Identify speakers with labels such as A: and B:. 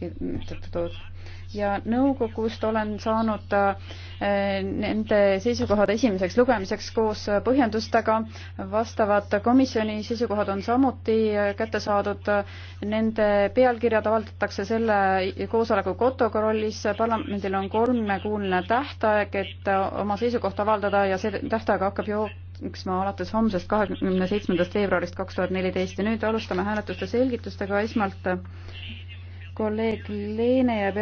A: kinnitatud
B: ja nõukogust olen saanud eh, nende seisukohad esimeseks lugemiseks koos põhjendustega. vastavad komisjoni seisukohad on samuti eh, kätte saadud. Nende pealkirjad avaldatakse selle koosoleku protokollis. parlamendil on kolmekuulne tähtaeg, et oma seisukoht avaldada ja see tähtaeg hakkab jooksma alates homsest, kahekümne seitsmendast veebruarist kaks tuhat neliteist ja nüüd alustame hääletuste selgitustega esmalt kolleeg
C: Leene ja Berlinger